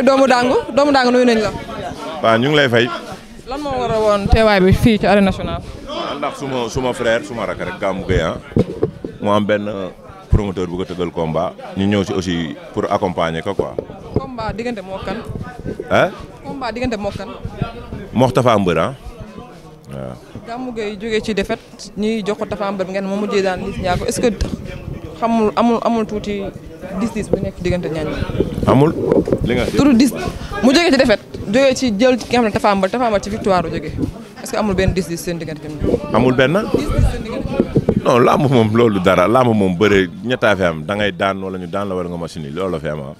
doomu dangu doomu dangu nuyu nañ la. waaw ñu ngi lay fay. lan moo war woon teewaay bi fii ci arène nationale. ndax suma suma frère suma rak rek Gamou Gueye ah, moo am benn promoteur bu ko tëggal komba ñu ñëw si aussi pour accompagner ko quoi. combat diggante moo kan. ah. combat diggante moo kan. Moxtafa Mbër am ah, waaw. Gamou Gueye jógee ci defet ñuy jox ko Tafa Mbër ngeen moom mujjee daan Liss Ndiago est-ce que xamul amul amul tuuti dis-dis bu nekk diggante ñaar amul. li nga tuuti dis mu jógee ci defet jógee ci jël ki nga xam ne Tapha Mbeur Tapha ci victoire bu jógee est-ce que amul benn dis-dis seen diggante amul benn. non làmb moom loolu dara làmb moom bëre ñettaa fi am da ngay daan wala ñu daan la wala nga machine yi loolu la am ah.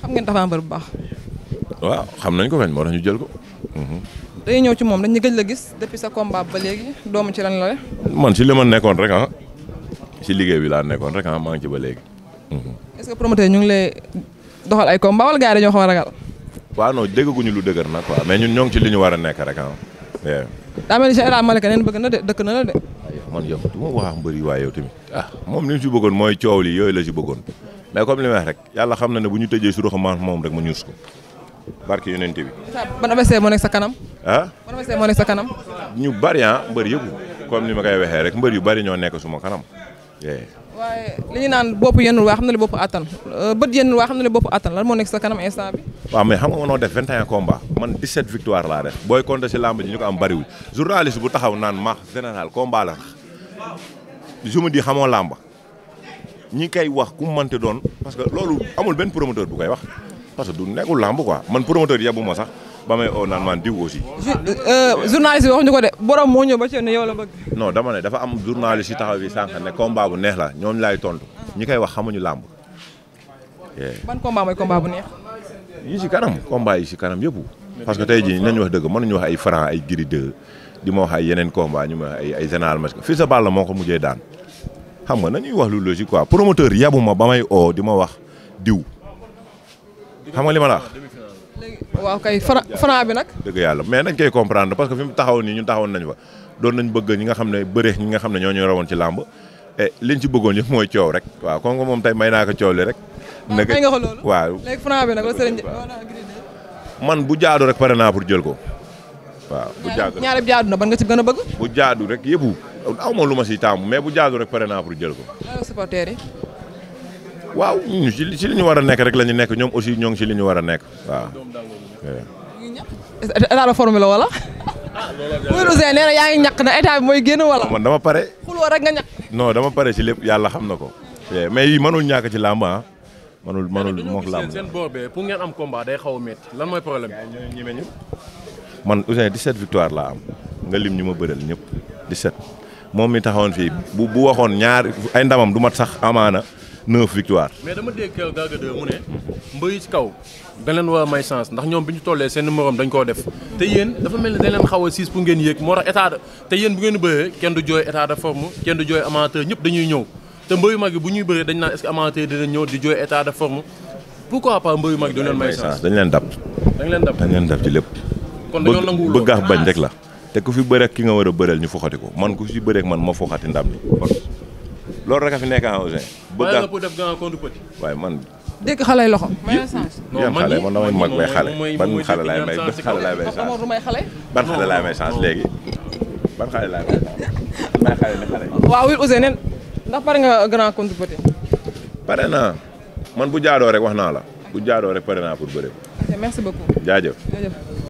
xam ngeen Tapha Mbeur bu baax. waaw xam nañ ko kañ moo tax ñu jël ko. Mhm. day ñëw ci moom dañ dañu gëj la gis deppi sa combat ba léegi doomu ci lan la man ci li ma nekkoon rek ah. si liggéey bi laa nekkoon rek ah maa ngi ci ba léegi. Mm-hmm. est-ce que promoteur ñu ngi lay doxal ay combat wala gars yi dañoo xaw a lu dëgër nag quoi mais ñun ñoo ngi ci li ñu war a nekk rek ah. daa mel ni Général Malika neen bëgg na de dëkk na la de. man yow du ma wax mbëri waaye yow tamit ah, moom li mu si bëggoon mooy coow li yooyu la si bëggoon mais comme li rek yàlla xam na ne bu ñu tëjee su roxam moom rek ma ñuus ko barke yonent bi. ban AVC moo nekk sa kanam. ah ban AVC moo nekk sa kanam. ñu bari ah mbër yëpp comme ni ma koy waxee rek mbër yu bari ñoo nekk suma kanam waaye li ñu naan bopp yenul waa xam ne la bopp attan euh, bët yenul waa xam ne la bopp attan lan moo nekk sa kanam instant bi waaw mais xam nga mënoo def 21 combat man 17 victoire laa def booy compté si lamb ji ñu ko am bariwul journaliste bu taxaw naan maax général combat la je me dis xamoo làmb ñi koy wax ku mënti doon parce que loolu amul benn promoteur bu koy wax parce que du nekkul làmb quoi man promoteur yebbu ma sax ba may o naan maan diw aussi. Euh, journaliste yi wax ñu ko de borom moo ñëw ba ci ne yow la bëgg. non dama ne dafa am journaliste yi taxaw yi sànq ne combat bu neex la ñoom laay tontu. ñi koy wax xamuñu làmb. ban combat mooy combat bu neex. yi si kanam combat yi si kanam yëpp. parce que tey jii nañu wax dëgg mënuñu wax ay franc ay giri deux di ma wax ay yeneen combat ay ay général mas fii sa Balla moo ko mujjee daan xam nga nañuy wax lu logique quoi promoteur yabu ma ba may oo di ma wax diw xam nga li waaw kay franc bi nag. dëgg yàlla mais nañ koy comprendre parce que fi mu taxaw nii ñun taxawoon nañ fa doon nañ bëgg ñi nga xam ne bëre ñi nga xam ne ñoo ñu rawoon ci làmb e ci bëggoon yëpp mooy coow rek waaw kon moom tey may naa ko coow li rek. nag nga ko loolu man bu jaadu rek pare naa pour jël ko. waaw bu jaadu ñaari na ban nga ci gën a bëgg. bu jaadu rek yëpp aw lu ma si taamu mais bu jaadu rek pare naa pour jël ko. supporters yi. waaw ñu si li ñu war a nekk rek la ñu nekk ñoom aussi ñoo ngi si li ñu war a nekk waaw. état de forme la wala. Boy yaa ngi ñàkk na état bi mooy génn wala. man dama pare. xuloo rek nga ñàkk. non dama pare si lépp yàlla xam na ko. mais yi mënul ñàkk ci làmb ah. mënul mënul mook làmb seen boor bee pour ngeen am combat day xaw a métti lan mooy problème bi. man Ouzin victoire laa am nga lim ñu ma bëreel ñëpp 17 moom mi taxawoon fii bu bu waxoon ñaar ay ndamam du mat sax amaana. neuf victoires. mais dama dégg keroog Garga 2 mu ne mbër yi ci kaw dañ leen war may chance ndax ñoom bi ñu tollee seen numéro dañ koo def te yéen dafa mel ni dañ leen xaw a siis pour ngeen yéeg moo tax état te yéen bu ngeen bëree kenn du jooy état de kenn du jooy amateur ñëpp dañuy ñëw te mbër yu mag yi bu ñuy bëree dañ naan est-ce que amateur dinañ ñëw di jooy état de forme pourquoi pas mbër yu mag yi dañ leen may chance dañ leen dab dañ leen dab dañ leen dab ci lépp kon dañoo nangu bëgg a bañ rek la te ku fi bëreek ki nga war a bëreel ñu foxati ko man ku fi bëreek man ma foxati ndam li loolu rek a fi nekk en Ouzin. bëgg a waaye man. dégg xale loxo. maye sens yéen xale man damay mag may xale ban xale laay may ban xale laay may sens ban léegi ban xale laay may sens may xale ne xale. waaw Wil Ouzin neen ndax pare nga grand contre petit. pare naa man bu jaadoo rek wax naa la bu jaadoo rek pare naa pour bëre. merci